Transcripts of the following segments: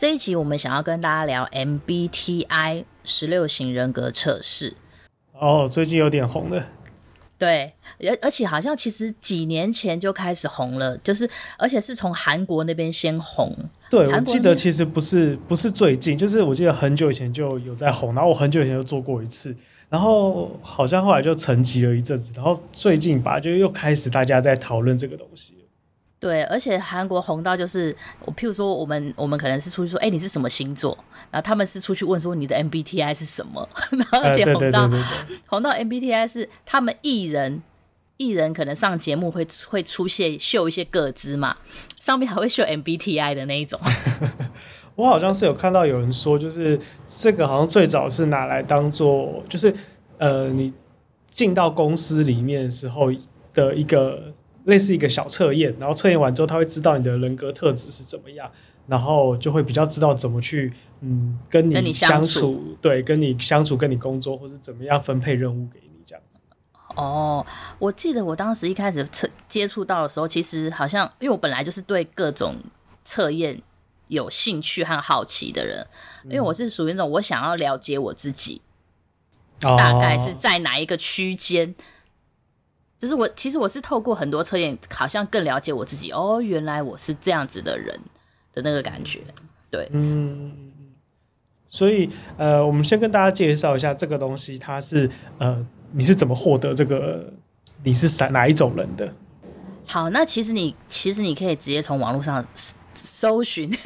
這一集我們想要跟大家聊 MBTI 十六型人格測試。哦，最近有點紅了。對，而而且好像其實幾年前就開始紅了，就是而且是從韓國那邊先紅。對，我記得其實不是不是最近，就是我記得很久以前就有在紅，然後我很久以前就做過一次，然後好像後來就沉寂了一陣子，然後最近吧，就又開始大家在討論這個東西。對，而且韓國紅到就是，我譬如說，我們我們可能是出去說，哎、欸，你是什麼星座？然後他們是出去問說，你的 MBTI 是什麼？然後、啊、 而且紅到紅到 MBTI 是他們藝人藝人可能上節目會會出現秀一些個資嘛，上面還會秀 MBTI 的那一種。 我好像是有看到有人說，就是這個好像最早是拿來當做，就是呃，你進到公司裡面的時候的一個。類似一個小測驗，然後測驗完之後，他會知道你的人格特質是怎麼樣，然後就會比較知道怎麼去嗯跟你相處，相處，對，跟你相處，跟你工作，或是怎麼樣分配任務給你這樣子。哦，我記得我當時一開始測接觸到的時候，其實好像因為我本來就是對各種測驗有興趣和好奇的人，嗯、因為我是屬於那種我想要了解我自己，哦、大概是在哪一個區間。就是我，其實我是透過很多測驗，好像更了解我自己。哦，原來我是這樣子的人的那個感覺，對。嗯。所以，呃，我們先跟大家介紹一下這個東西，它是呃，你是怎麼獲得這個你是哪一種人的？好，那其實你其實你可以直接從網絡上搜尋，搜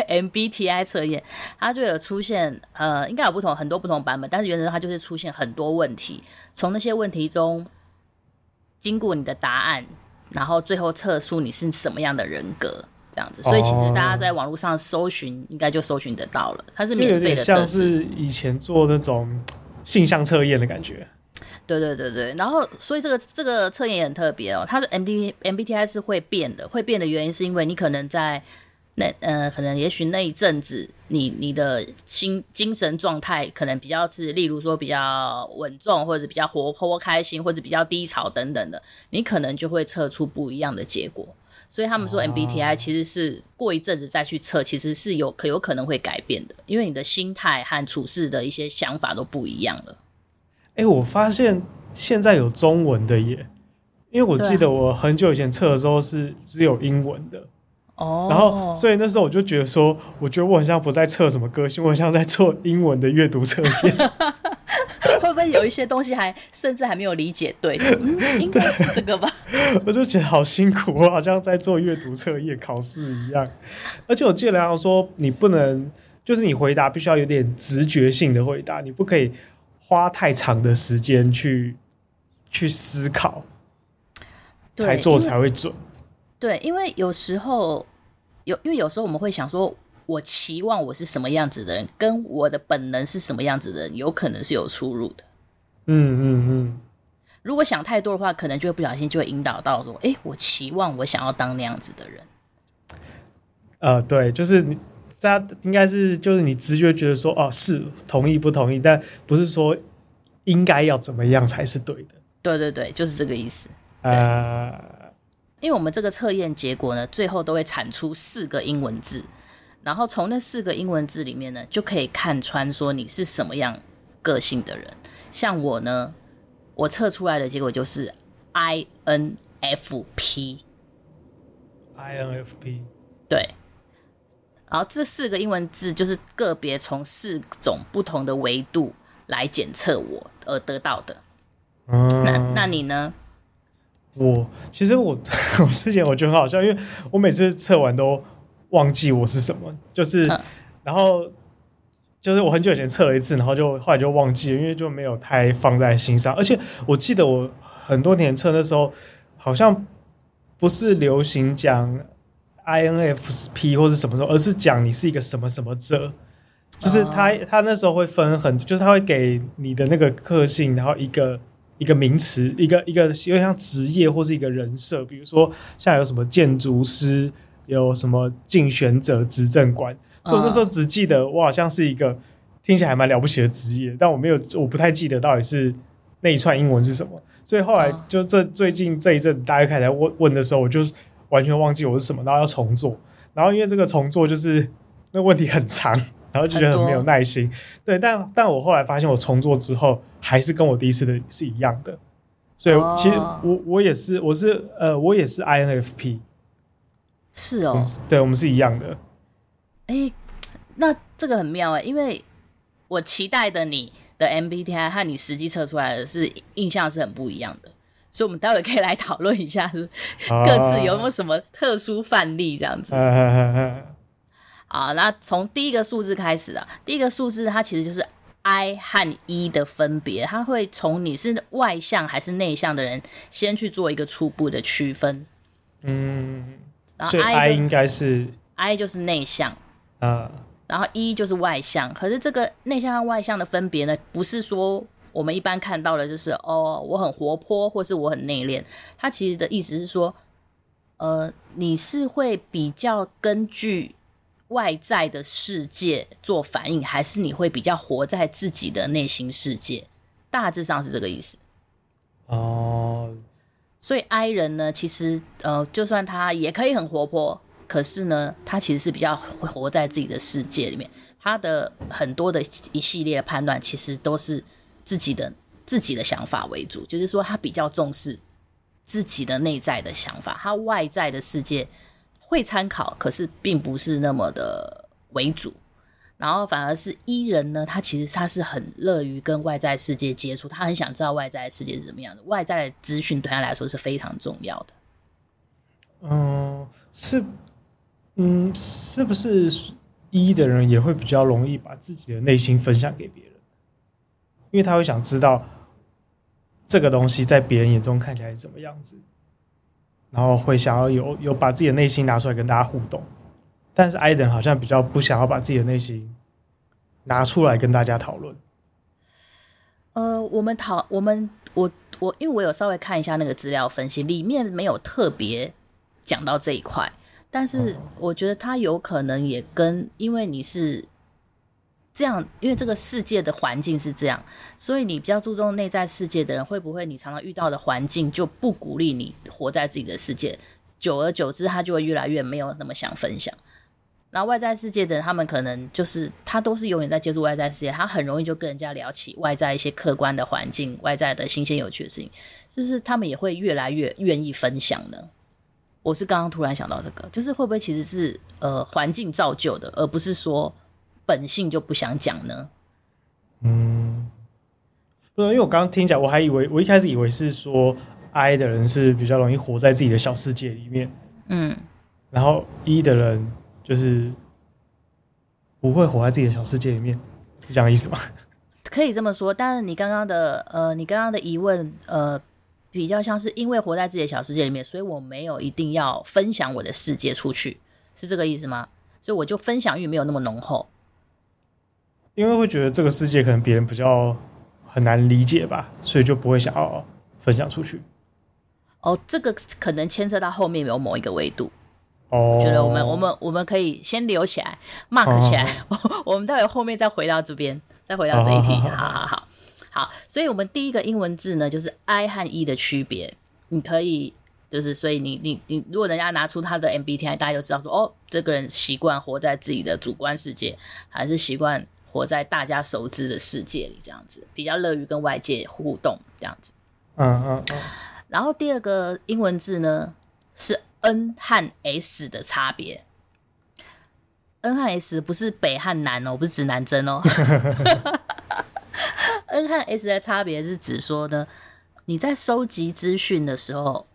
尋 MBTI 測驗，它就有出現。呃，應該有不同很多不同版本，但是原則上它就是出現很多問題，從那些問題中。經過你的答案，然後最後測出你是什麼樣的人格，這樣子。所以其實大家在網絡上搜尋，哦，應該就搜尋得到了。它是免費的，對對對，像是以前做那種性向測驗的感覺。對對對對，然後所以這個這個測驗也很特別哦，它的 MB、MBTI 是會變的，會變的原因是因為你可能在。那呃，可能也許那一陣子你，你你的心精神狀態可能比較是，例如說比較穩重，或者比較活潑開心，或者比較低潮等等的，你可能就會測出不一樣的結果。所以他們說 MBTI 其實是過一陣子再去測，哦、其實是有可有可能會改變的，因為你的心態和處事的一些想法都不一樣了。哎、欸，我發現現在有中文的耶，因為我記得我很久以前測的時候是只有英文的。哦，oh. 然後所以那時候我就覺得說，我覺得我很像不在測什麼歌星，我很像在做英文的閱讀測驗。 會不會有一些東西還 甚至還沒有理解對？應該是這個吧。 我就覺得好辛苦，我好像在做閱讀測驗考試一樣。而且我記得然後說，你不能就是你回答必須要有點直覺性的回答，你不可以花太長的時間去去思考，才做才會準。對，因為有時候有，因為有時候我們會想說，我期望我是什麼樣子的人，跟我的本能是什麼樣子的人，有可能是有出入的。嗯嗯嗯。嗯嗯，如果想太多的話，可能就會不小心就會引導到說，哎，我期望我想要當那樣子的人。呃，對，就是你，大家應該是就是你直覺覺得說，哦，是同意不同意？但不是說應該要怎麼樣才是對的。對對對，就是這個意思。呃。因為我們這個測驗結果呢，最後都會產出四個英文字，然後從那四個英文字裡面呢，就可以看穿說你是什麼樣個性的人。像我呢，我測出來的結果就是 IN INFP，INFP，對。然後這四個英文字就是個別從四種不同的維度來檢測我而得到的。嗯，那那你呢？我其實我我之前我覺得很好笑，因為我每次測完都忘記我是什麼，就是，啊、然後就是我很久以前測了一次，然後就後來就忘記了，因為就沒有太放在心上。而且我記得我很多年測那時候，好像不是流行講 INFP 或是什麼的，而是講你是一個什麼什麼者，就是他，啊、他那時候會分很，就是他會給你的那個個性，然後一個。一個名詞，一個一個，有點像職業或是一個人設，比如說像有什麼建築師，有什麼競選者、執政官。所以我那時候只記得我好像是一個聽起來還蠻了不起的職業，但我沒有，我不太記得到底是那一串英文是什麼。所以後來就這最近這一陣子，大家開始來問問的時候，我就完全忘記我是什麼，然後要重做。然後因為這個重做就是那問題很長。然後就覺得很沒有耐心，很多對，但但我後來發現，我重做之後還是跟我第一次的是一樣的，所以其實我、哦、我，我也是，我是呃，我也是 INFP，是哦，我對我們是一樣的。哎、欸，那這個很妙。哎、欸，因為我期待的你的 MBTI 和你實際測出來的是印象是很不一樣的，所以我們待會可以來討論一下、哦、各自有沒有什麼特殊範例這樣子。啊啊，那從第一個數字開始啊，第一個數字它其實就是 I 和 E 的分別，它會從你是外向還是內向的人先去做一個初步的區分。嗯，然後 I, 所以 I 應該是 I 就是內向啊，然後 E 就是外向。可是這個內向和外向的分別呢，不是說我們一般看到的，就是哦，我很活潑或是我很內斂。它其實的意思是說，呃，你是會比較根據。外在的世界做反應，還是你會比較活在自己的內心世界？大致上是這個意思。哦、uh，所以 I 人呢，其實呃，就算他也可以很活潑，可是呢，他其實是比較活在自己的世界裡面。他的很多的一系列的判斷，其實都是自己的自己的想法為主，就是說他比較重視自己的內在的想法，他外在的世界。會參考，可是並不是那麼的為主，然後反而是 E 人呢，他其實他是很樂於跟外在世界接觸，他很想知道外在世界是怎麼樣的，外在的資訊對他來說是非常重要的。嗯、呃，是，嗯，是不是 E 的人也會比較容易把自己的內心分享給別人？因為他會想知道這個東西在別人眼中看起來是怎麼樣子。然後會想要有有把自己的內心拿出來跟大家互動，但是艾倫好像比較不想要把自己的內心拿出來跟大家討論。呃，我們討我們我，我因為我有稍微看一下那個資料分析，裡面沒有特別講到這一塊，但是我覺得他有可能也跟，因為你是。這樣，因為這個世界的環境是這樣，所以你比較注重內在世界的人，會不會你常常遇到的環境就不鼓勵你活在自己的世界？久而久之，他就會越來越沒有那麼想分享。那外在世界的人，他們可能就是他都是永遠在接觸外在世界，他很容易就跟人家聊起外在一些客觀的環境、外在的新鮮有趣的事情，是不是他們也會越來越願意分享呢？我是剛剛突然想到這個，就是會不會其實是呃環境造就的，而不是說本性就不想講呢？嗯，不是，因為我剛剛聽講，我還以為，我一開始以為是說 I 的人是比較容易活在自己的小世界裡面。嗯，然後 E 的人就是不會活在自己的小世界裡面，是這樣的意思嗎？可以這麼說，但是你剛剛的呃，你剛剛的疑問呃，比較像是因為活在自己的小世界裡面，所以我沒有一定要分享我的世界出去，是這個意思嗎？所以我就分享欲沒有那麼濃厚。因為會覺得這個世界可能別人比較很難理解吧，所以就不會想要分享出去。哦，這個可能牽扯到後面有某一個維度。哦，覺得我們我們我們可以先留起來，mark 起來，哦 我。我們待會後面再回到這邊，再回到這一題。哦，好好好，好好，好。所以，我們第一個英文字呢，就是 I 和 E 的區別。你可以，就是所以你你你，你如果人家拿出他的 MBTI，大家就知道說，哦，這個人習慣活在自己的主觀世界，還是習慣。活在大家熟知的世界裡，這樣子比較樂於跟外界互動，這樣子，uh huh. 然後第二個英文字呢是 N 和 S 的差別，N 和 S 不是北和南哦，不是指南針哦。 N 和 S 的差別是指說呢，你在收集資訊的時候，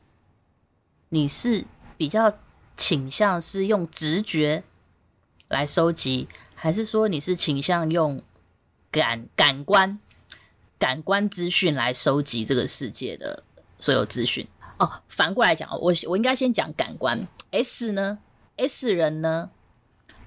你是比較傾向是用直覺來收集。還是說你是傾向用感感官感官資訊來收集這個世界的所有資訊哦？反過來講，我我應該先講感官 S 呢？S 人呢？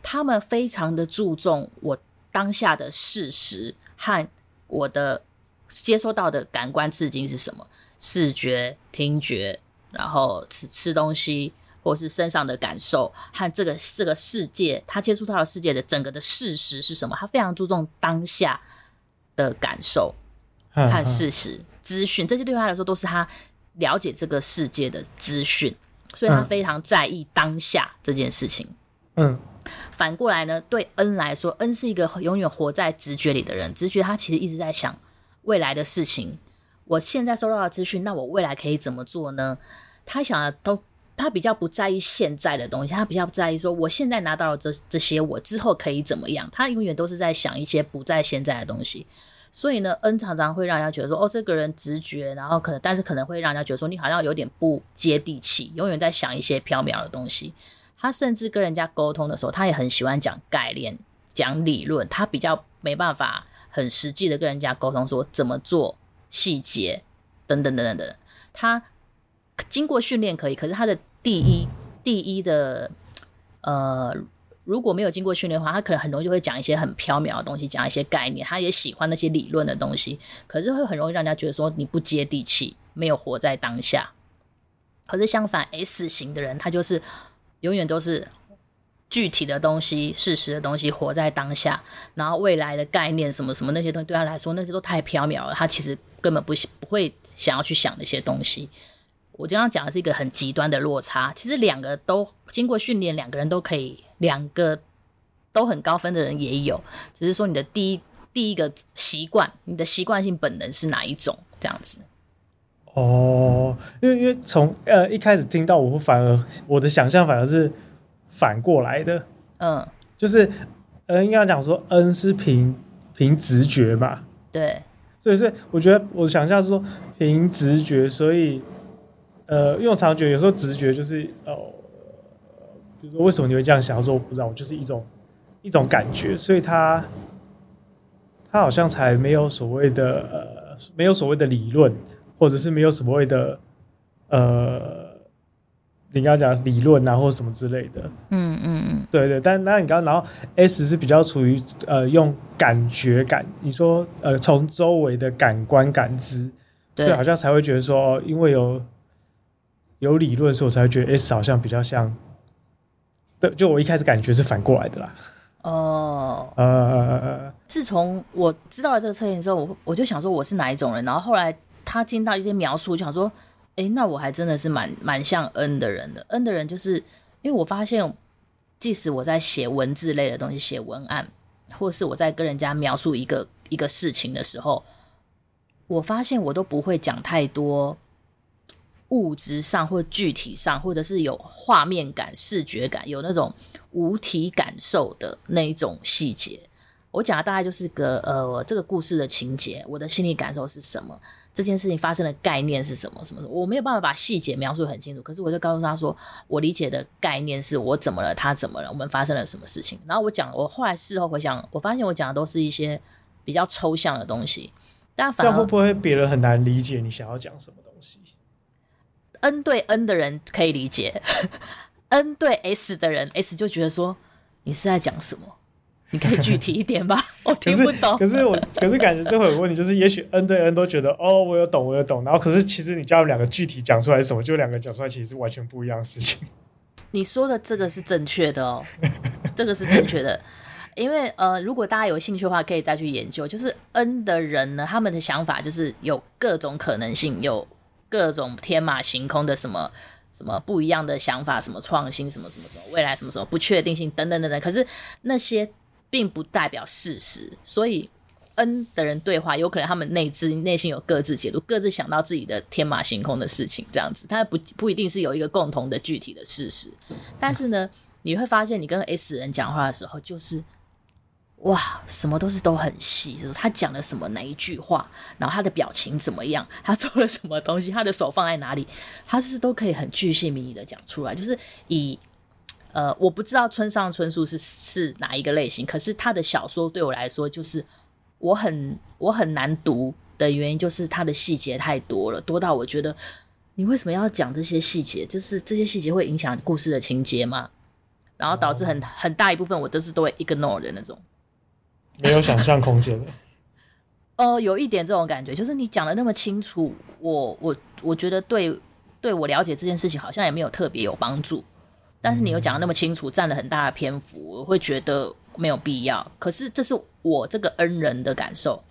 他們非常的注重我當下的事實和我的接收到的感官刺激是什麼？視覺、聽覺，然後吃吃東西。或是身上的感受和這個這個世界，他接觸到的世界的整個的事實是什麼？他非常注重當下的感受和事實、uh huh. 資訊，這些對他來說都是他了解這個世界的資訊，所以他非常在意當下這件事情。嗯、uh，huh. 反過來呢，對 N 來說，N 是一個永遠活在直覺裡的人，直覺他其實一直在想未來的事情。我現在收到的資訊，那我未來可以怎麼做呢？他想的都。他比較不在意現在的東西，他比較不在意說我現在拿到了這這些，我之後可以怎麼樣？他永遠都是在想一些不在現在的東西。所以呢，N 常常會讓人家覺得說，哦，這個人直覺，然後可能，但是可能會讓人家覺得說，你好像有點不接地氣，永遠在想一些縹緲的東西。他甚至跟人家溝通的時候，他也很喜歡講概念、講理論，他比較沒辦法很實際的跟人家溝通說怎麼做、細節等等等等等等。他。經過訓練可以，可是他的第一第一的呃，如果沒有經過訓練的話，他可能很容易就會講一些很飄渺的東西，講一些概念。他也喜歡那些理論的東西，可是會很容易讓人家覺得說你不接地氣，沒有活在當下。可是相反，S 型的人，他就是永遠都是具體的東西、事實的東西，活在當下。然後未來的概念、什麼什麼那些東西，對他來說那些都太縹緲了。他其實根本不不會想要去想那些東西。我剛剛講的是一個很極端的落差。其實兩個都經過訓練，兩個人都可以，兩個都很高分的人也有，只是說你的第一第一個習慣，你的習慣性本能是哪一種這樣子？哦，因為因為從呃一開始聽到，我反而我的想象反而是反過來的，嗯，就是嗯，應該講說 N 是憑憑直覺嘛，對，所以所以我覺得我想象是說憑直覺，所以。呃，用常覺有時候直覺就是呃，比如說為什麼你會這樣想要做？我說我不知道，我就是一種一種感覺，所以他他好像才沒有所謂的呃，沒有所謂的理論，或者是沒有所謂的呃，你剛剛講理論啊，或什麼之類的。嗯嗯嗯，對，對對，但那你剛然後 S 是比較處於呃用感覺感，你說呃從周圍的感官感知，就好像才會覺得說哦、呃，因為有。有理論的時候我才會覺得 S 好像比較像，對，就我一開始感覺是反過來的啦。哦，呃呃呃呃，自從我知道了這個測驗之後，我我就想說我是哪一種人。然後後來他聽到一些描述，就想說，誒、欸，那我還真的是蠻蠻像 N 的人的。N 的人就是因為我發現，即使我在寫文字類的東西，寫文案，或是我在跟人家描述一個一個事情的時候，我發現我都不會講太多，物質上或具體上，或者是有畫面感、視覺感、有那種無體感受的那一種細節，我講的大概就是個呃，這個故事的情節，我的心理感受是什麼，這件事情發生的概念是什麼，什麼，我沒有辦法把細節描述很清楚，可是我就告訴他說，我理解的概念是我怎麼了，他怎麼了，我們發生了什麼事情。然後我講，我後來事後回想，我發現我講的都是一些比較抽象的東西，但反而這樣會不會別人很難理解你想要講什麼？N 對 N 的人可以理解，N 對 S 的人 S 就覺得說你是在講什麼？你可以具體一點吧。 是我聽不懂。可是我可是感覺這會有問題，就是也許 N 對 N 都覺得哦，我有懂，我有懂。然後可是其實你叫他們兩個具體講出來是什麼，就兩個講出來其實是完全不一樣的事情。你說的這個是正確的哦， 這個是正確的，因為呃，如果大家有興趣的話，可以再去研究。就是 N 的人呢，他們的想法就是有各種可能性有。各種天馬行空的什麼什麼不一樣的想法，什麼創新，什麼什麼什麼未來，什麼什麼不確定性等等等等。可是那些並不代表事實，所以 N 的人對話，有可能他們內知內心有各自解讀，各自想到自己的天馬行空的事情，這樣子，他不不一定是有一個共同的具體的事實。但是呢，你會發現，你跟 S 人講話的時候，就是。哇，什麼都是都很細，就是他講了什麼哪一句話，然後他的表情怎麼樣，他做了什麼東西，他的手放在哪裡，他就是都可以很巨細靡遺的講出來。就是以，呃，我不知道村上春樹是是哪一個類型，可是他的小說對我來說就是我很我很難讀的原因，就是他的細節太多了，多到我覺得你為什麼要講這些細節？就是這些細節會影響故事的情節嗎？然後導致很很大一部分我都是都會 ignore 的那種。沒有想象空間。哦、 呃，有一點這種感覺，就是你講的那麼清楚，我我我覺得對對我了解這件事情好像也沒有特別有幫助。但是你又講的那麼清楚，佔了很大的篇幅，我會覺得沒有必要。可是這是我這個 N 人的感受。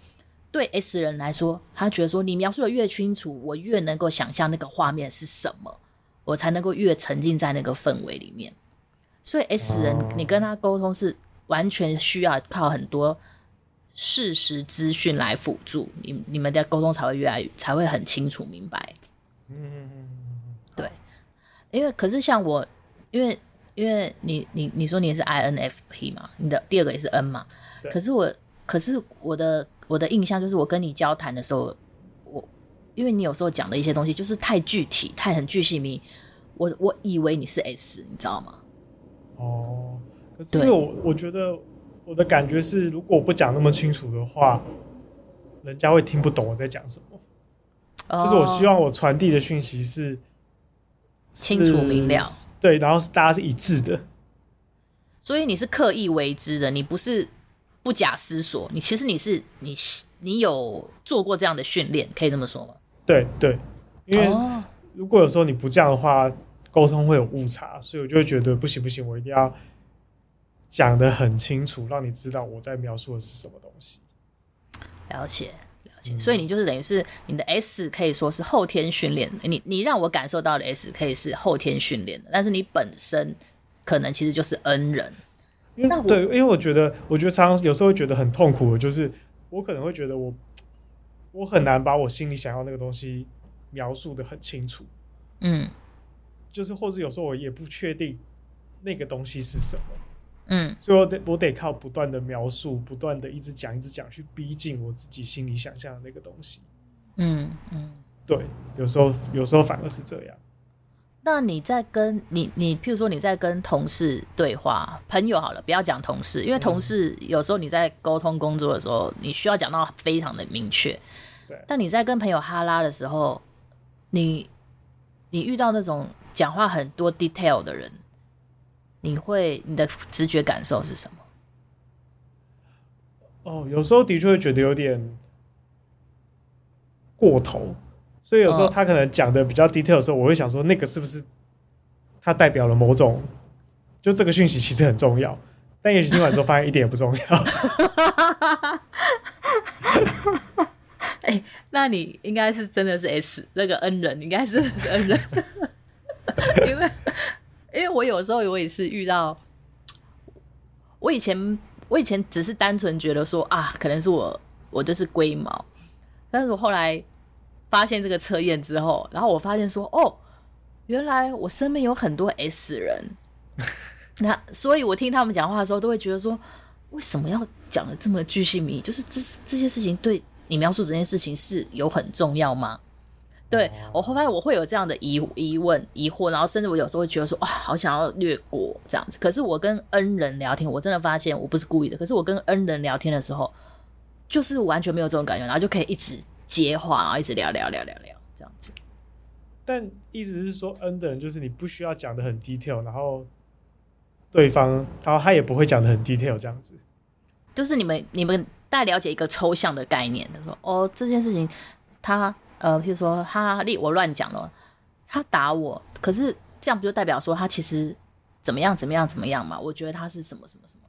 對 S 人來說，他覺得說你描述的越清楚，我越能夠想象那個畫面是什麼，我才能夠越沉浸在那個氛圍裡面。所以 S 人， 哦、 你跟他溝通是。完全需要靠很多事實資訊來輔助你，你們的溝通才會越來越才會很清楚明白。嗯，對，因為可是像我，因為因為你你你說你也是 INFP 嘛，你的第二個也是 N 嘛，對可是我可是我的我的印象，就是我跟你交談的時候，我因為你有時候講的一些東西就是太具體，太很具象明，我我以為你是 S，你知道嗎？哦。因為我對我覺得我的感覺是，如果我不講那麼清楚的話，人家會聽不懂我在講什麼。哦，就是我希望我傳遞的訊息是清楚明了，對，然後是大家是一致的。所以你是刻意為之的，你不是不假思索，你其實你是你你有做過這樣的訓練，可以這麼說嗎？對對，因為如果有時候你不這樣的話，溝通會有誤差，所以我就會覺得不行不行，我一定要。講得很清楚，讓你知道我在描述的是什麼東西。了解，了解。嗯，所以你就是等於是你的 S 可以說是後天訓練的，你你讓我感受到的 S 可以是後天訓練的，但是你本身可能其實就是 N 人。因為那我對，因為我覺得，我覺得常常有時候會覺得很痛苦的，就是我可能會覺得我我很難把我心裡想要那個東西描述得很清楚。嗯，就是或是有時候我也不確定那個東西是什麼。嗯，所以我得我得靠不斷的描述，不斷的一直講一直講，去逼近我自己心裡想象的那個東西。嗯嗯，嗯，對，有時候有時候反而是這樣。那你在跟你你，你譬如說你在跟同事對話，朋友好了，不要講同事，因為同事有時候你在溝通工作的時候，嗯，你需要講到非常的明確。對。但你在跟朋友哈拉的時候，你你遇到那種講話很多 detail 的人。你會你的直覺感受是什麼？哦，有時候的確會覺得有點過頭，所以有時候他可能講得比較 detail 的時候，哦、我會想說那個是不是他代表了某種？就這個訊息其實很重要，但也許聽完之後發現一點也不重要。欸，那你應該是真的是 S 那個 N 人，應該是 N 人，因為。因為我有時候我也是遇到，我以前我以前只是單純覺得說啊，可能是我我就是龜毛，但是我後來發現這個測驗之後，然後我發現說哦，原來我身邊有很多 S 人， 那所以我聽他們講話的時候都會覺得說，為什麼要講得這麼巨細靡遺？就是這這些事情對你描述這件事情是有很重要嗎？對，我會發現我會有這樣的疑疑問疑惑，然後甚至我有時候會覺得說哇，好想要略過這樣子。可是我跟 N 人聊天，我真的發現我不是故意的。可是我跟 N 人聊天的時候，就是完全沒有這種感覺，然後就可以一直接話，然後一直聊聊聊聊聊這樣子。但意思是說，N 的人就是你不需要講的很 detail，然後對方然後他也不會講的很 detail 這樣子，就是你們你們大概了解一個抽象的概念，他說哦這件事情他。呃，譬如說他，我亂講了，他打我，可是這樣不就代表說他其實怎麼樣怎麼樣怎麼樣嘛？我覺得他是什麼什麼什麼，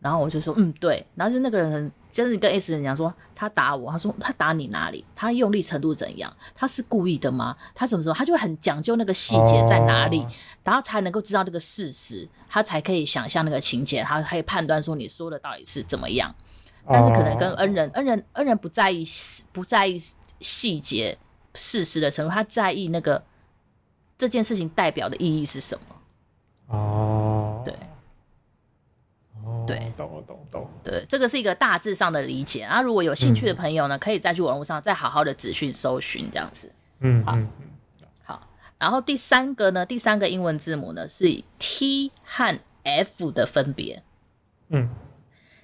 然後我就說嗯對，然後是那個人，就是你跟 S 人講說他打我，他說他打你哪裡，他用力程度怎樣，他是故意的嗎？他什麼時候？他就很講究那個細節在哪裡，然後、oh. 才能夠知道那個事實，他才可以想象那個情節，他可以判斷說你說的到底是怎麼樣，但是可能跟 N 人，oh. N 人，N 人不在意，不在意。細節、事實的程度，他在意那個這件事情代表的意義是什麼？哦，對，哦，對，懂了，懂了，懂了，對，這個是一個大致上的理解啊。如果有興趣的朋友呢，嗯、可以再去網絡上再好好的資訊搜尋，這樣子。嗯，好，嗯、好。然後第三個呢，第三個英文字母呢是以 T 和 F 的分別。嗯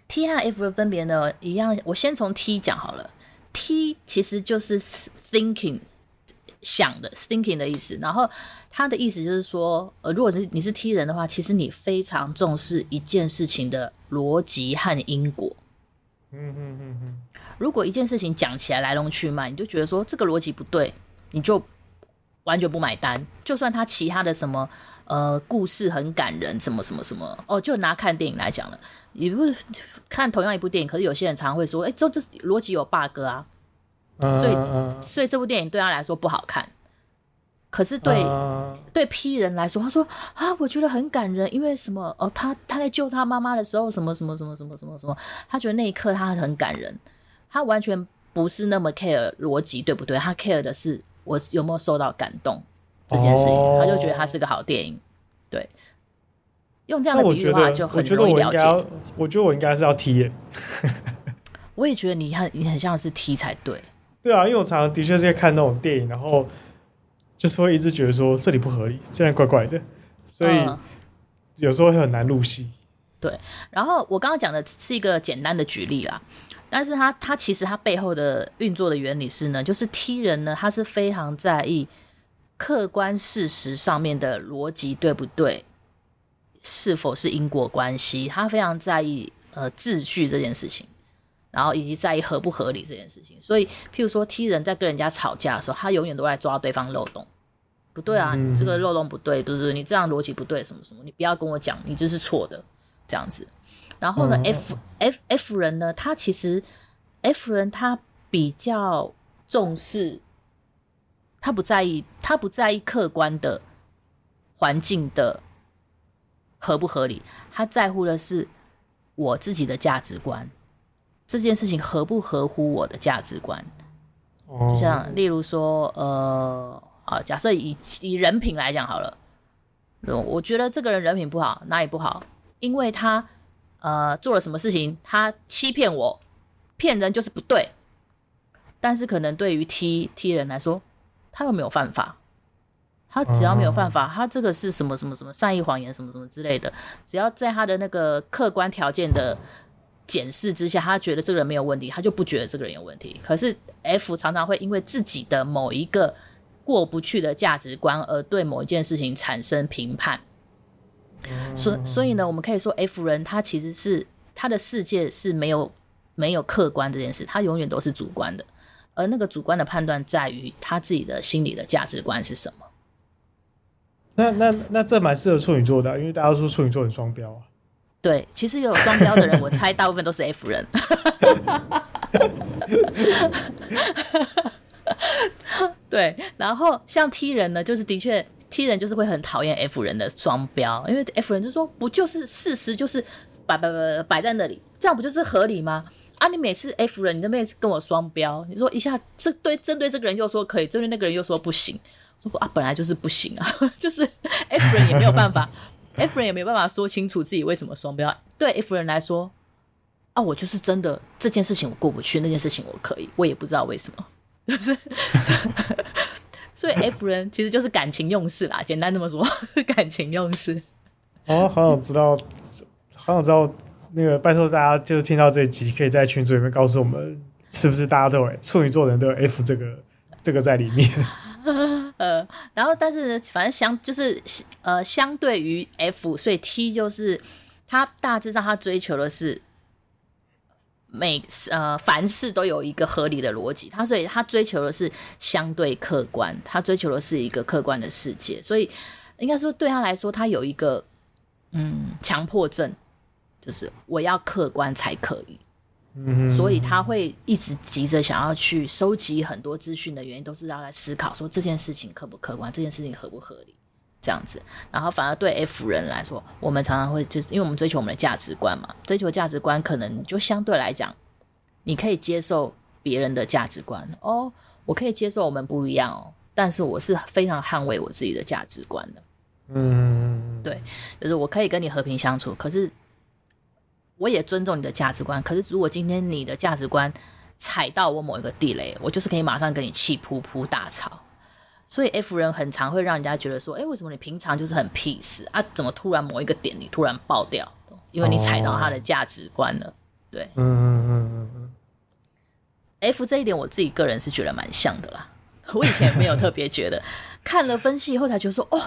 ，T 和 F 的分別呢，一樣，我先從 T 講好了。T 其實就是 thinking，想的 thinking 的意思，然後他的意思就是說，呃，如果是你是 T 人的話，其實你非常重視一件事情的邏輯和因果。嗯嗯嗯嗯。如果一件事情講起來來龍去脈，你就覺得說這個邏輯不對，你就完全不買單。就算他其他的什麼。呃，故事很感人，什麼什麼什麼哦，就拿看電影來講了，也不是看同樣一部電影，可是有些人常，常會說，哎、欸，這這邏輯有 bug 啊，所以所以這部電影對他來說不好看，可是對、uh、對 P 人來說，他說啊，我覺得很感人，因為什麼哦，他他在救他媽媽的時候，什麼什麼什麼什麼什麼什麼，他覺得那一刻他很感人，他完全不是那麼 care 邏輯，對不對？他 care 的是我有沒有受到感動。這件事情，哦、他就覺得他是個好電影，對。用這樣的一句話，就很容易了解我我。我覺得我應該是要 T， 我也覺得你很你很像是 T 才對。對啊，因為我常常的確是在看那種電影，然後就是會一直覺得說這裡不合理，這樣怪怪的，所以、嗯、有時候會很難入戲。對，然後我剛剛講的是一個簡單的舉例啦，但是它它其實它背後的運作的原理是呢，就是 T 人呢，他是非常在意。客觀事實上面的邏輯對不對？是否是因果關係？他非常在意，呃，秩序這件事情，然後以及在意合不合理這件事情。所以，譬如說 T 人在跟人家吵架的時候，他永遠都在抓對方漏洞，不對啊，嗯、你這個漏洞不對，就是你這樣邏輯不對，什麼什麼，你不要跟我講，你這是錯的這樣子。然後呢 F、嗯、F F F 人呢，他其實 F 人他比較重視。他不在意，他不在意客觀的環境的合不合理，他在乎的是我自己的價值觀，這件事情合不合乎我的價值觀？就像例如說，呃，啊，假設以以人品來講好了，我覺得這個人人品不好，哪裡不好？因為他呃做了什麼事情，他欺騙我，騙人就是不對。但是可能對於 T，T 人來說，他又沒有犯法，他只要沒有犯法，他這個是什麼什麼什麼善意謊言什麼什麼之類的，只要在他的那個客觀條件的檢視之下，他覺得這個人沒有問題，他就不覺得這個人有問題。可是 F 常常會因為自己的某一個過不去的價值觀而對某一件事情產生評判，所以所以呢，我們可以說 F 人他其實是他的世界是沒有沒有客觀這件事，他永遠都是主觀的。而那個主觀的判斷在於他自己的心理的價值觀是什麼？那那那這蠻適合處女座的，因為大家都說處女座很雙標啊。對，其實有雙標的人，我猜大部分都是 F 人。對，然後像 T 人呢，就是的確 T 人就是會很討厭 F 人的雙標，因為 F 人就說不就是事實，就是擺擺擺擺在那裡，這樣不就是合理嗎？啊！你每次 F 人，你都每次跟我雙標。你說一下，這對針對這個人又說可以，針對那個人又說不行。我說啊，本來就是不行啊，就是 F 人也沒有辦法 ，F 人也沒有辦法說清楚自己為什麼雙標。對 F 人來說，啊，我就是真的這件事情我過不去，那件事情我可以，我也不知道為什麼。就是， 所以 F 人其實就是感情用事啦。簡單這麼說，感情用事。哦，好想知道，嗯、好想知道。那個拜托大家，就是聽到這一集，可以在群組裡面告訴我們，是不是大家都有、欸、處女座人都有 F 這個這個在裡面？呃，然後但是反正相就是呃，相對於 F，所以 T 就是他大致上他追求的是每呃凡事都有一個合理的邏輯，他所以他追求的是相對客觀，他追求的是一個客觀的世界，所以應該說，對他來說，他有一個嗯強迫症。就是我要客觀才可以，所以他會一直急着想要去收集很多資訊的原因，都是讓他思考說這件事情客不客觀，這件事情合不合理這樣子。然後反而對 F 人來說，我們常常會就是因為我們追求我們的價值觀嘛，追求價值觀可能就相對來講，你可以接受別人的價值觀哦、喔，我可以接受我們不一樣哦、喔，但是我是非常捍衛我自己的價值觀的。嗯，對，就是我可以跟你和平相處，可是，我也尊重你的價值觀，可是如果今天你的價值觀踩到我某一個地雷，我就是可以馬上跟你氣噗噗大吵。所以 F 人很常會讓人家覺得說：哎、欸，為什麼你平常就是很 peace 啊？怎麼突然某一個點你突然爆掉？因為你踩到他的價值觀了。哦、對，嗯，嗯，嗯。F 這一點我自己個人是覺得蠻像的啦。我以前也沒有特別覺得， 看了分析以後才覺得說：哦，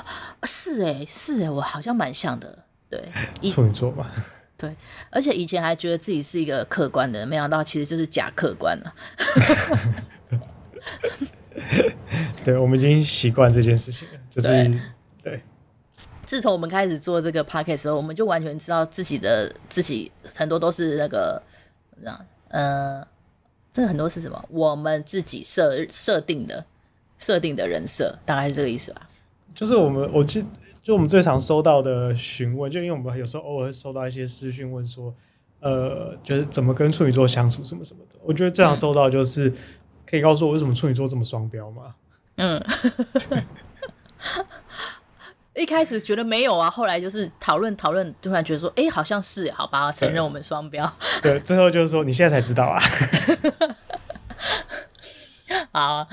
是哎、欸，是哎、欸，我好像蠻像的。對，處女座吧。對，而且以前還覺得自己是一個客觀的人，沒想到其實就是假客觀了、啊。 對，我們已經習慣這件事情了，就是對。對自從我們開始做這個 podcast 的時候，我們就完全知道自己的自己很多都是那個，啊，嗯、呃，這很多是什麼？我們自己設設定的設定的人設，大概是這個意思吧？就是我們，我記。就我們最常收到的詢問，就因為我們有時候偶爾會收到一些私訊問說，呃，就是怎麼跟處女座相處什麼什麼的。我覺得最常收到就是，嗯、可以告訴我為什麼處女座這麼雙標嗎？嗯， 一開始覺得沒有啊，後來就是討論討論，突然覺得說，哎、欸，好像是，好吧，承認我們雙標。 對，最後就是說，你現在才知道啊。 好，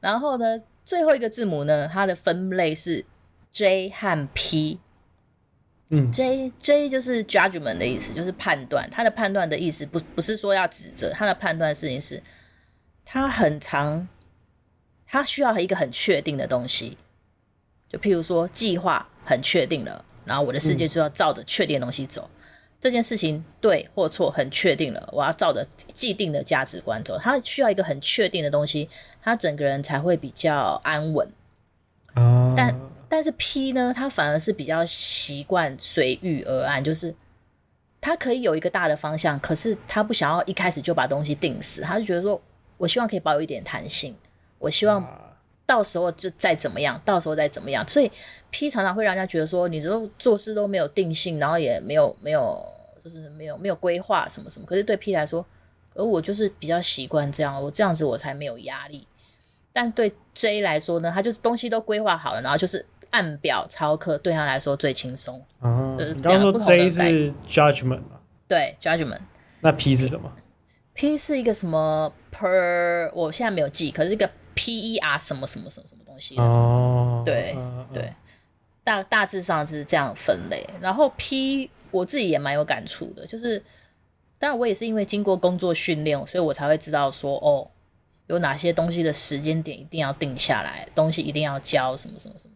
然後呢，最後一個字母呢，它的分類是。J 和 P，嗯，J J 就是 judgment 的意思，就是判斷。他的判斷的意思不不是說要指責，他的判斷事情是，他很常，他需要一個很確定的東西，就譬如說計劃很確定了，然後我的世界就要照着確定的東西走。嗯、這件事情對或錯很確定了，我要照着既定的價值觀走。他需要一個很確定的東西，他整個人才會比較安穩。哦、嗯，但。但是 P 呢，他反而是比較習慣隨遇而安，就是他可以有一個大的方向，可是他不想要一開始就把東西定死，他就覺得說，我希望可以保有一點彈性，我希望到時候就再怎麼樣，到時候再怎麼樣。所以 P 常常會讓人家覺得說，你就做事都沒有定性，然後也沒有沒有，就是沒有沒有規劃什麼什麼。可是對 P 來說，而我就是比較習慣這樣，我這樣子我才沒有壓力。但對 J 來說呢，他就是東西都規劃好了，然後就是。按表操課對他來說最輕鬆。呃、嗯嗯，你剛說 J 是 judgment 嘛？對 judgment 那 P 是什麼？P 是一個什麼 Per？我現在沒有記，可是一個 Per 什麼什麼什麼什麼東西。哦，對對，大大致上是這樣分類。然後 P 我自己也蠻有感觸的，就是當然我也是因為經過工作訓練，所以我才會知道說哦，有哪些東西的時間點一定要定下來，東西一定要交，什麼什麼什麼。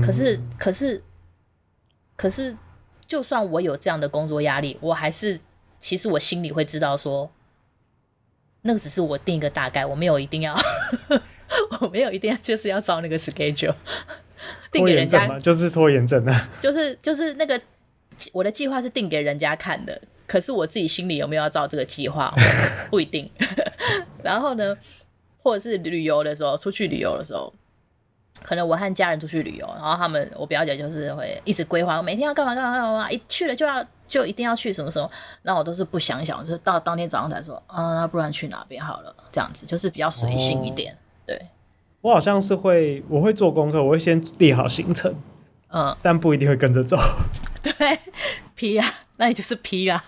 可是，可是，可是，就算我有這樣的工作壓力，我還是其實我心裡會知道說，那個只是我定一個大概，我沒有一定要， 我沒有一定要就是要照那個 schedule。拖延症嘛，就是拖延症啊。就是就是那個我的計劃是定給人家看的，可是我自己心裡有沒有要照這個計劃， 不一定。 然後呢，或者是旅遊的時候，出去旅遊的時候。可能我和家人出去旅遊，然後他們我表姐就是會一直規劃，我每天要幹嘛幹嘛幹嘛，一去了就要就一定要去什麼什麼，那我都是不想想，就是到當天早上才說，啊、嗯，那不然去哪邊好了，這樣子就是比較隨性一點。哦、對，我好像是會，我會做功課，我會先列好行程，嗯，但不一定會跟着走。對，P 啊，那你就是 P 啦、啊。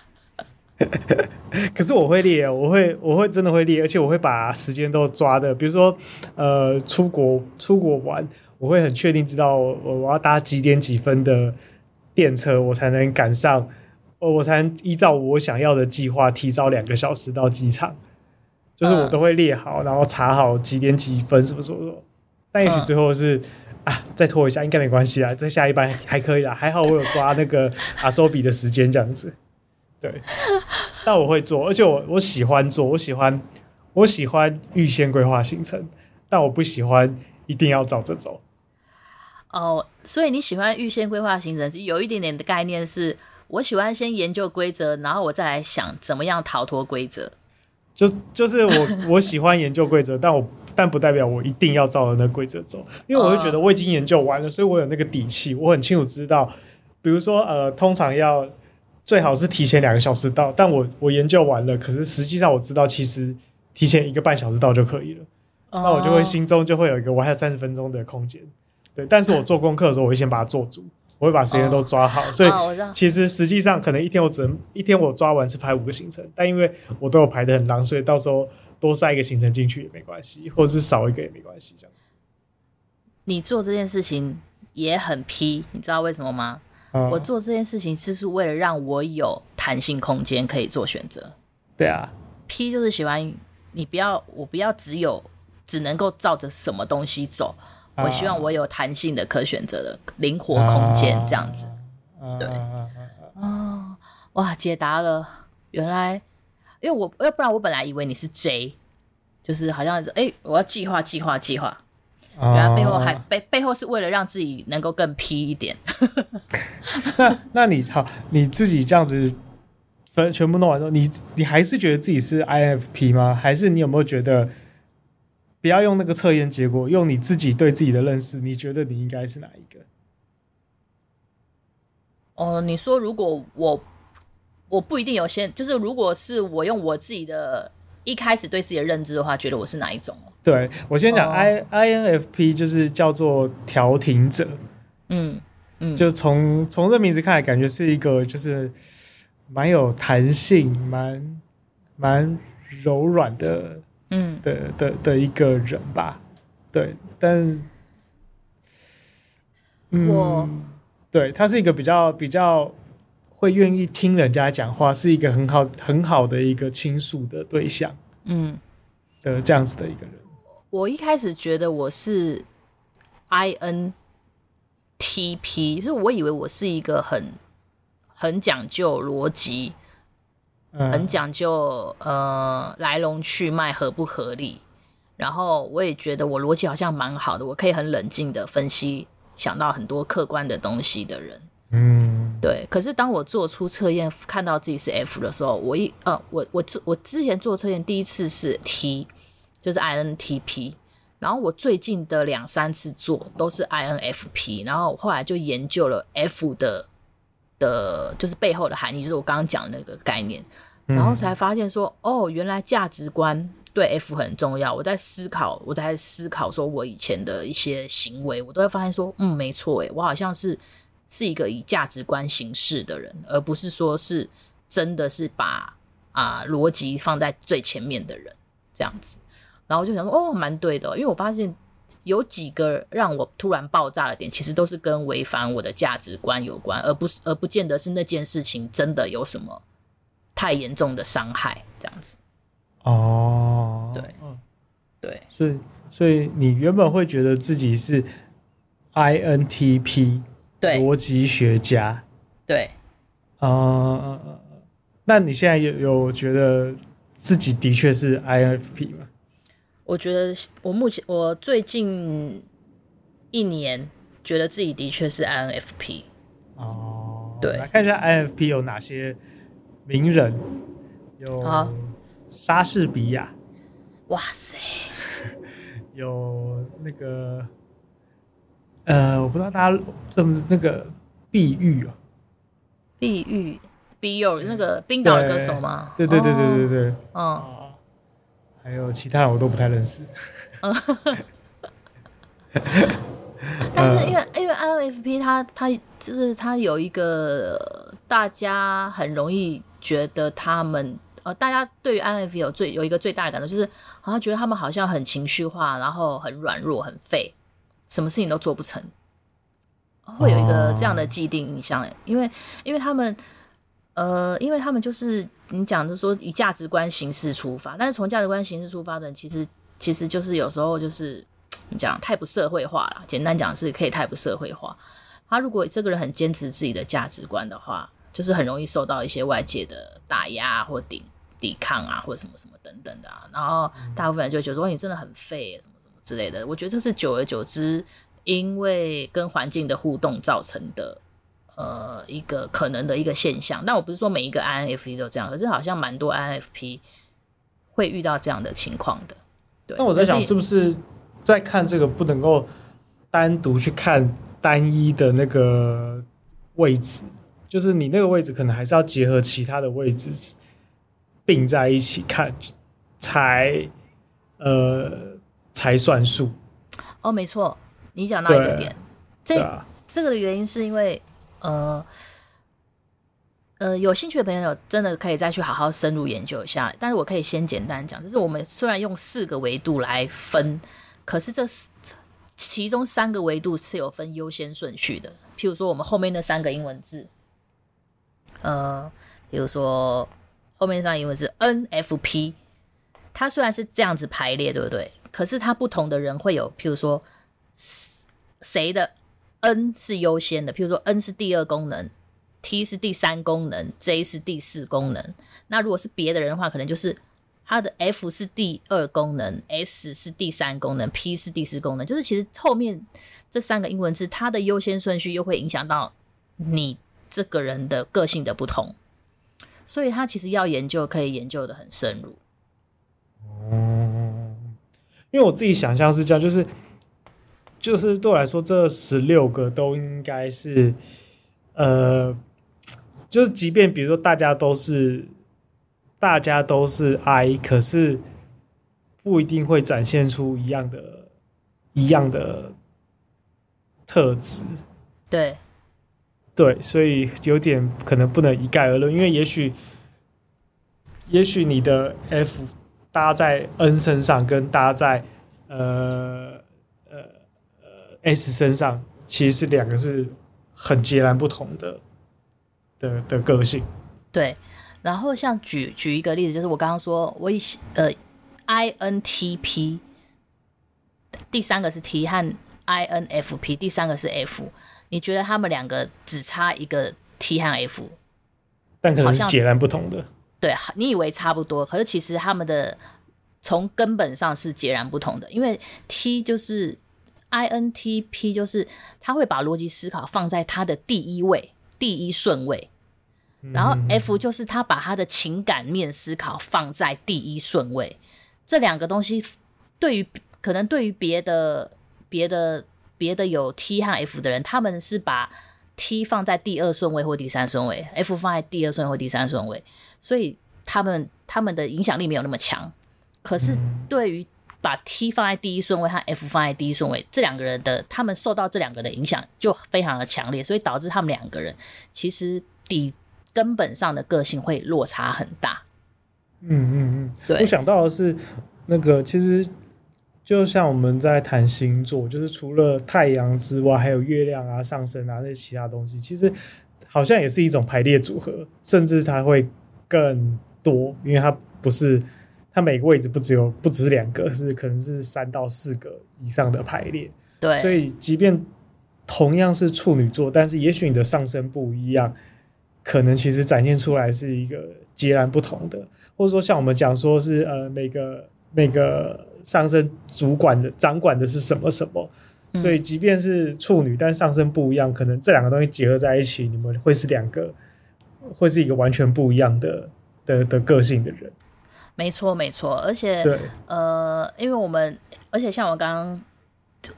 可是我會列，我會我會真的會列，而且我會把時間都抓的，比如說呃出國出國玩，我會很確定知道我我要搭幾點幾分的電車，我才能趕上，我我才能依照我想要的計劃提早兩個小時到機場，就是我都會列好，然後查好幾點幾分什麼時候，但也許最後是啊再拖一下應該沒關係啊，再下一班還可以啦，還好我有抓那個阿蘇比的時間這樣子。對，但我會做，而且我我喜歡做，我喜歡，我喜歡預先規劃行程，但我不喜歡一定要照着走。哦，所以你喜歡預先規劃行程是有一點點的概念是，是我喜歡先研究規則，然後我再來想怎麼樣逃脫規則。就就是我我喜歡研究規則， 但我但不代表我一定要照着那規則走，因為我會覺得我已經研究完了，哦，所以我有那個底氣，我很清楚知道，比如說呃，通常要。最好是提前兩個小時到，但我我研究完了，可是實際上我知道，其實提前一個半小時到就可以了。哦、那我就會心中就會有一個，我還有三十分鐘的空間。對，但是我做功課的時候，我會先把它做足，我會把時間都抓好。哦、所以其實實際上可能一天我只能一天我抓完是排五個行程，但因為我都有排得很狼，所以到時候多塞一個行程進去也沒關係，或者是少一個也沒關係，這樣子。你做這件事情也很 P，你知道為什麼嗎？ 我做這件事情，是為了讓我有彈性空間可以做選擇。對啊，P 就是喜歡你不要，我不要只有，要只，有只能夠照着什麼東西走。我希望我有彈性的 可選擇的靈活空間，這樣子。啊、對 哇，解答了，原來因為我要不然我本來以為你是 J，就是好像是哎、欸，我要計劃計劃計劃。然後、嗯、背後還背背後是為了讓自己能夠更 P 一點。 那那你好，你自己這樣子分全部弄完之後，你你還是覺得自己是 IFP 嗎？還是你有沒有覺得不要用那個測驗結果，用你自己對自己的認識，你覺得你應該是哪一個？哦、呃，你說如果我我不一定有先，就是如果是我用我自己的。一開始對自己的認知的話，覺得我是哪一種？對，我先講、oh.，I INFP 就是叫做調停者。嗯嗯，嗯，就從從這名字看來，感覺是一個就是蠻有彈性、蠻蠻柔軟的。嗯，的的的一個人吧。對，但是、嗯、我對他是一個比較比較，會願意聽人家講話，是一個很好很好的一個傾訴的對象的，嗯，的這樣子的一個人。我一開始覺得我是 INTP，就是我以為我是一個很很講究邏輯，很講究、嗯、呃來龍去脈合不合理。然後我也覺得我邏輯好像蠻好的，我可以很冷靜的分析，想到很多客觀的東西的人，嗯。對，可是當我做出測驗，看到自己是 F 的時候，我一呃，我我我之前做測驗第一次是 T，就是 INTP，然後我最近的兩三次做都是 INFP，然後後來就研究了 F 的的，就是背後的含義，就是我剛剛講的那個概念，然後才發現說，嗯、哦，原來價值觀對 F 很重要。我在思考，我在思考，說我以前的一些行為，我都會發現說，嗯，沒錯，哎，我好像是。是一個以價值觀行事的人，而不是說是真的是把啊、呃、邏輯放在最前面的人這樣子。然後就想說，哦，蠻對的，哦，因為我發現有幾個讓我突然爆炸的點，其實都是跟違反我的價值觀有關，而不是而不見得是那件事情真的有什麼太嚴重的傷害這樣子。哦，對，嗯、對，所以所以你原本會覺得自己是 INTP？邏輯學家，對，啊、呃，那你現在有有覺得自己的確是 INFP 嗎？我覺得我目前我最近一年覺得自己的確是 INFP。哦，對，來看一下 INFP 有哪些名人，有啊，莎士比亞、哦，哇塞， 有那個。呃，我不知道大家認不、嗯、那個碧玉啊？碧玉，碧玉，那個冰島的歌手嗎？對對對對對對，oh, 哦，嗯，還有其他的我都不太認識。 但是因為、 呃、因為 I N F P 他他，就是他有一個大家很容易覺得他們呃，大家對於 I N F P 有最有一個最大的感受就是，好像覺得他們好像很情緒化，然後很軟弱，很廢。什麼事情都做不成，會有一個這樣的既定印象，欸，因為因為他們，呃，因為他們就是你講的說以價值觀形式出發，但是從價值觀形式出發的，其實其實就是有時候就是你講太不社會化了，簡單講是可以太不社會化。他如果這個人很堅持自己的價值觀的話，就是很容易受到一些外界的打壓或抵抵抗啊，或者什麼什麼等等的，啊，然後大部分人就覺得說你真的很廢什麼之類的，我覺得這是久而久之，因為跟環境的互動造成的，呃，一個可能的一個現象。但我不是說每一個 INFP 都這樣，可是好像蠻多 INFP 會遇到這樣的情況的。對。那我在想，是，是不是在看這個不能夠單獨去看單一的那個位置，就是你那個位置可能還是要結合其他的位置並在一起看，才呃。才算數。哦，沒錯，你講到一個點，對這、啊、這個的原因是因為，呃呃，有興趣的朋友真的可以再去好好深入研究一下。但是我可以先簡單講，就是我們雖然用四個維度來分，可是這其中三個維度是有分優先順序的。譬如說，我們後面那三個英文字，呃，比如說後面上英文是 NFP，它雖然是這樣子排列，對不對？可是他不同的人會有，譬如說，誰的 N 是優先的，譬如說 N 是第二功能，T 是第三功能，J 是第四功能。那如果是別的人的話，可能就是他的 F 是第二功能，S 是第三功能，P 是第四功能。就是其實後面這三個英文字，它的優先順序又會影響到你這個人的個性的不同。所以他其實要研究，可以研究得很深入。因為我自己想象是這樣，就是，就是對我來說，這十六個都應該是，呃，就是即便比如說大家都是，大家都是 I，可是，不一定會展現出一樣的，一樣的特質。對，對，所以有點可能不能一概而論，因為也許，也許你的 F。搭在 N 身上跟搭在，呃呃呃 S 身上，其實是兩個是很截然不同的的的個性。對，然後像舉舉一個例子，就是我剛剛說，我以呃 INTP 第三個是 T 和 INFP 第三個是 F，你覺得他們兩個只差一個 T 和 F，但可能是截然不同的。對，你以為差不多，可是其實他們的從根本上是截然不同的。因為 T 就是 I N T P，就是他會把邏輯思考放在他的第一位、第一順位；然後 F 就是他把他的情感面思考放在第一順位。嗯、這兩個東西，對於可能對於別的、別的、別的有 T 和 F 的人，他們是把。T 放在第二順位或第三順位，F 放在第二順位或第三順位，所以他們他們的影響力沒有那麼強。可是對於把 T 放在第一順位和 F 放在第一順位這兩個人的，他們受到這兩個的影響就非常的強烈，所以導致他們兩個人其實底根本上的個性會落差很大。嗯嗯嗯，對，我想到的是那個其實。就像我們在談星座，就是除了太陽之外，還有月亮啊、上升啊那些其他東西，其實好像也是一種排列組合，甚至它會更多，因為它不是它每個位置不只有不只兩個，是可能是三到四個以上的排列。對，所以即便同樣是處女座，但是也許你的上升不一樣，可能其實展現出來是一個截然不同的，或者說像我們講說是呃每個每個。每個上升主管的掌管的是什麼什麼，所以即便是處女，但上升不一樣，可能這兩個東西結合在一起，你們會是兩個，會是一個完全不一樣的的的個性的人。沒錯，沒錯，而且對呃，因為我們，而且像我剛剛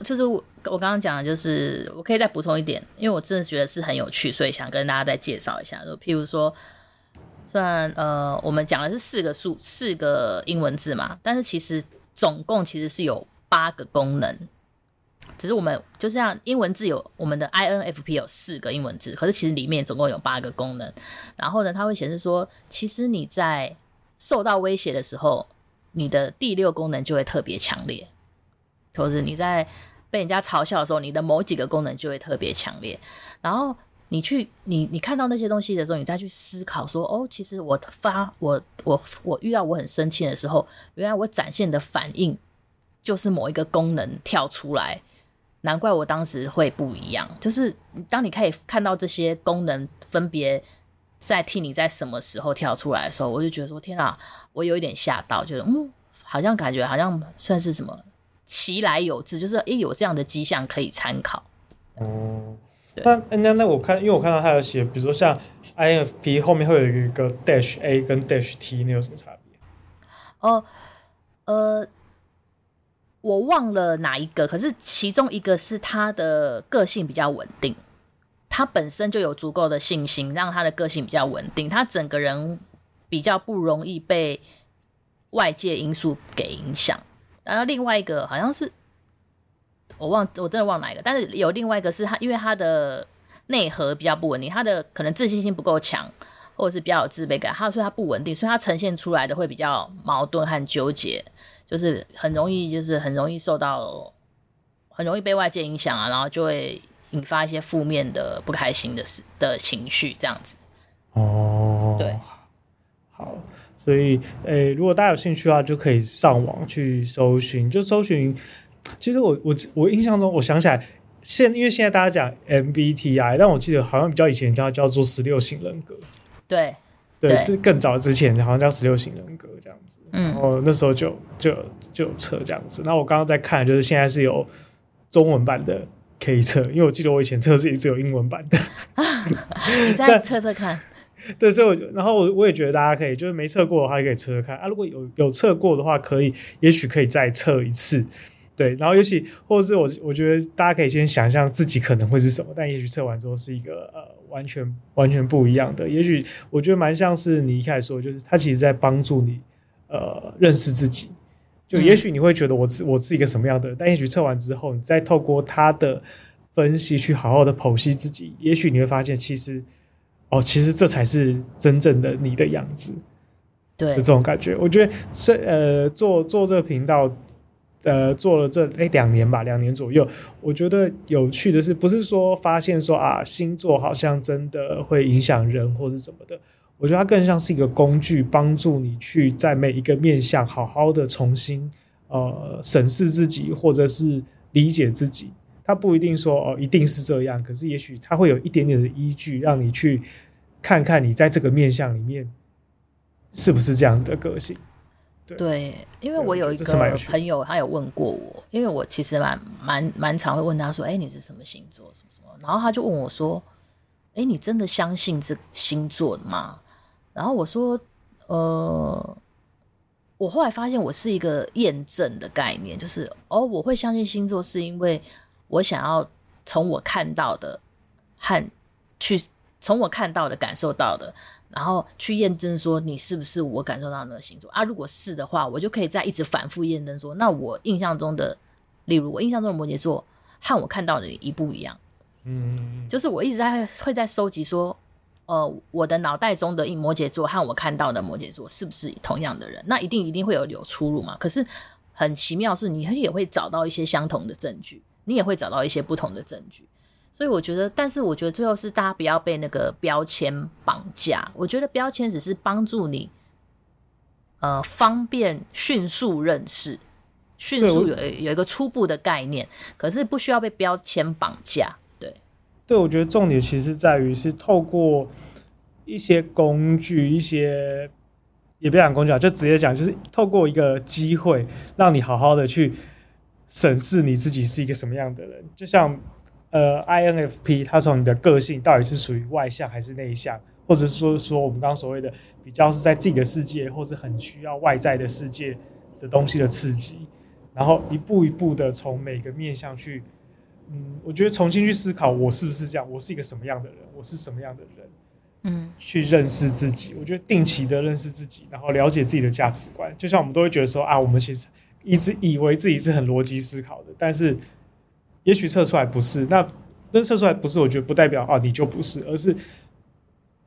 就是我我剛剛講的，就是我，我，剛剛，就是，我可以再補充一點，因為我真的覺得是很有趣，所以想跟大家再介紹一下，就譬如說，雖然呃我們講的是四個數四個英文字嘛，但是其實。總共其實是有八個功能，只是我們就像英文字有我們的 INFP 有四個英文字，可是其實裡面總共有八個功能。然後呢，它會顯示說，其實你在受到威脅的時候，你的第六功能就會特別強烈；同時你在被人家嘲笑的時候，你的某幾個功能就會特別強烈。然後。你去，你你看到那些東西的時候，你再去思考說，哦，其實我發我我我遇到我很生氣的時候，原來我展現的反應就是某一個功能跳出來，難怪我當時會不一樣。就是當你可以看到這些功能分別在替你在什麼時候跳出來的時候，我就覺得說，天啊，我有一點嚇到，覺得嗯，好像感覺好像算是什麼其來有自，就是哎、欸、有這樣的跡象可以參考。嗯。那那那，我看，因為我看到他有寫，比如說像 INFP 後面會有一個 dash A 跟 dash T，那有什麼差別？哦、呃，呃，我忘了哪一個，可是其中一個是他的個性比較穩定，他本身就有足夠的信心，讓他的個性比較穩定，他整個人比較不容易被外界因素給影響。然後另外一個好像是。我忘，我真的忘了哪一個，但是有另外一個是他，因為他的內核比較不穩定，他的可能自信心不夠強，或者是比較有自卑感，他所以它不穩定，所以它呈現出來的會比較矛盾和糾結，就是很容易，就是很容易受到，很容易被外界影響啊，然後就會引發一些負面的、不開心的事的情緒，這樣子。哦，對，好，所以，誒、欸，如果大家有興趣的話，就可以上網去搜尋，就搜尋。其實我我我印象中，我想起來，現因為現在大家講 MBTI，但我記得好像比較以前叫叫做十六型人格。對對，對對更早之前好像叫十六型人格這樣子。嗯。然後那時候就就就測這樣子。那我剛剛在看，就是現在是有中文版的可以測，因為我記得我以前測是一直有英文版的。啊、 你再測測看。對，所以我，然後我我也覺得大家可以，就是沒測過的話可以測測看啊。如果有有測過的話，可以，也許可以再測一次。對，然後尤其或是我，我覺得大家可以先想象自己可能會是什麼，但也許測完之後是一個呃完全完全不一樣的。也許我覺得蠻像是你一開始說，就是他其實在幫助你呃認識自己。就也許你會覺得我是我是一個什麼樣的人，嗯，但也許測完之後，你再透過他的分析去好好的剖析自己，也許你會發現其實哦，其實這才是真正的你的樣子。對，就這種感覺，我覺得這呃做做這個頻道。呃，做了這，哎，兩年吧，兩年左右。我覺得有趣的是，不是說發現說啊，星座好像真的會影響人，或是什麼的。我覺得它更像是一個工具，幫助你去在每一個面向好好的重新呃審視自己，或者是理解自己。它不一定說哦、呃，一定是這樣，可是也許它會有一點點的依據，讓你去看看你在這個面向裡面是不是這樣的個性。對，因為我有一個朋友，他有問過我，因為我其實蠻蠻蠻常會問他說，哎、欸，你是什麼星座，什麼什麼？然後他就問我說，哎、欸，你真的相信這星座嗎？然後我說，呃，我後來發現我是一個驗證的概念，就是哦，我會相信星座，是因為我想要從我看到的和去從我看到的感受到的。然後去驗證說，你是不是我感受到那個星座啊？如果是的話，我就可以再一直反復驗證說，那我印象中的，例如我印象中的摩羯座和我看到的一不一樣？嗯，就是我一直在會在收集說，呃，我的腦袋中的摩羯座和我看到的摩羯座是不是同樣的人？那一定一定會有有出入嘛。可是很奇妙，是你也會找到一些相同的證據，你也會找到一些不同的證據。所以我覺得，但是我覺得最後是大家不要被那個標籤綁架。我覺得標籤只是幫助你，呃，方便迅速認識，迅速有有一個初步的概念，對可是不需要被標籤綁架。對，對，我覺得重點其實在於是透過一些工具，一些也不講工具啊，就直接講，就是透過一個機會，讓你好好的去審視你自己是一個什麼樣的人，就像。呃，INFP 他從你的個性到底是屬於外向還是內向，或者是說，說我們剛剛所謂的比較是在自己的世界，或是很需要外在的世界的東西的刺激，然後一步一步的從每個面向去，嗯，我覺得重新去思考我是不是這樣，我是一個什麼樣的人，我是什麼樣的人，嗯，去認識自己。我覺得定期的認識自己，然後了解自己的價值觀，就像我們都會覺得說啊，我們其實一直以為自己是很邏輯思考的，但是。也許測出來不是，那但測出來不是，我覺得不代表啊，你就不是，而是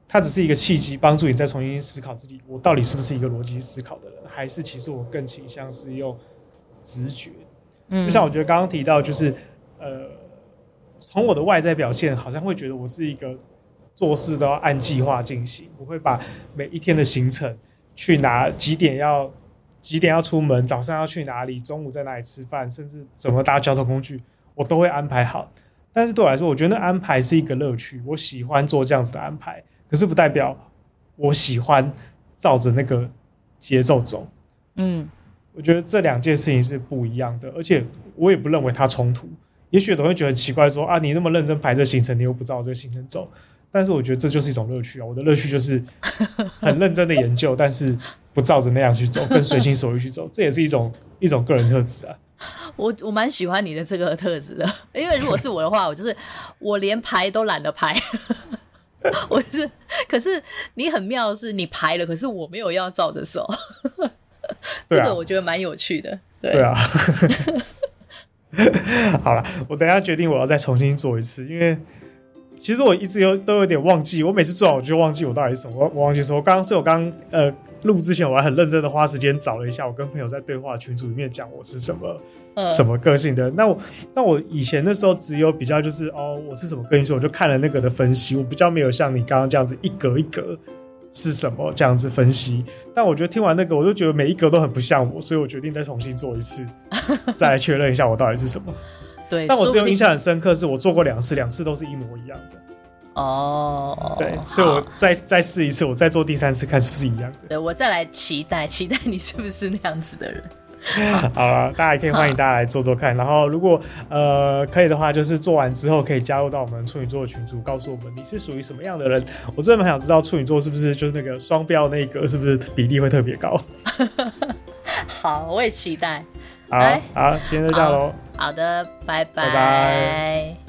它只是一個契機，幫助你再重新思考自己，我到底是不是一個邏輯思考的人，還是其實我更傾向是用直覺。嗯，就像我覺得剛剛提到，就是呃，從我的外在表現，好像會覺得我是一個做事都要按計劃進行，我會把每一天的行程去哪幾點要幾點要出門，早上要去哪裡，中午在哪裡吃飯，甚至怎麼搭交通工具。我都會安排好，但是對我來說，我覺得那安排是一個樂趣，我喜歡做這樣子的安排。可是不代表我喜歡照着那個節奏走。嗯，我覺得這兩件事情是不一樣的，而且我也不認為它衝突。也許有同學覺得奇怪說，說啊，你那麼認真排這行程，你又不照這個行程走。但是我覺得這就是一種樂趣啊，我的樂趣就是很認真的研究， 但是不照着那樣去走，更隨心所欲去走，這也是一種一種個人特質啊。我我蠻喜歡你的這個特質的，因為如果是我的話， 我就是我連排都懶得排， 我是，可是你很妙的是你排了，可是我沒有要照着走， 這個我覺得蠻有趣的。對啊，對對啊 好了，我等一下決定我要再重新做一次，因為其實我一直有都有點忘記，我每次做完我就忘記我到底是什麼，我忘記說我剛剛所以我剛呃。錄之前我還很認真的花時間找了一下，我跟朋友在對話群組裡面講我是什麼，呵什麼個性的。那我那我以前的時候只有比較就是哦我是什麼個性，跟你說我就看了那個的分析，我比較沒有像你剛剛這樣子一格一格是什麼這樣子分析。但我覺得聽完那個我就覺得每一格都很不像我，所以我決定再重新做一次，再來確認一下我到底是什麼。 對，但我只有印象很深刻是我做過兩次，兩次都是一模一樣的。哦，oh, 對，所以我再好再試一次，我再做第三次看是不是一樣的。對，我再來期待，期待你是不是那樣子的人。好了，好好大家也可以歡迎大家來做做看，好然後如果呃可以的話，就是做完之後可以加入到我們處女座的群組，告訴我們你是屬於什麼樣的人。我真的很想知道處女座是不是就是那個雙標那個是不是比例會特別高。 好，我也期待。好，好，今天就這樣嘍。Oh, 好的，拜拜。拜拜。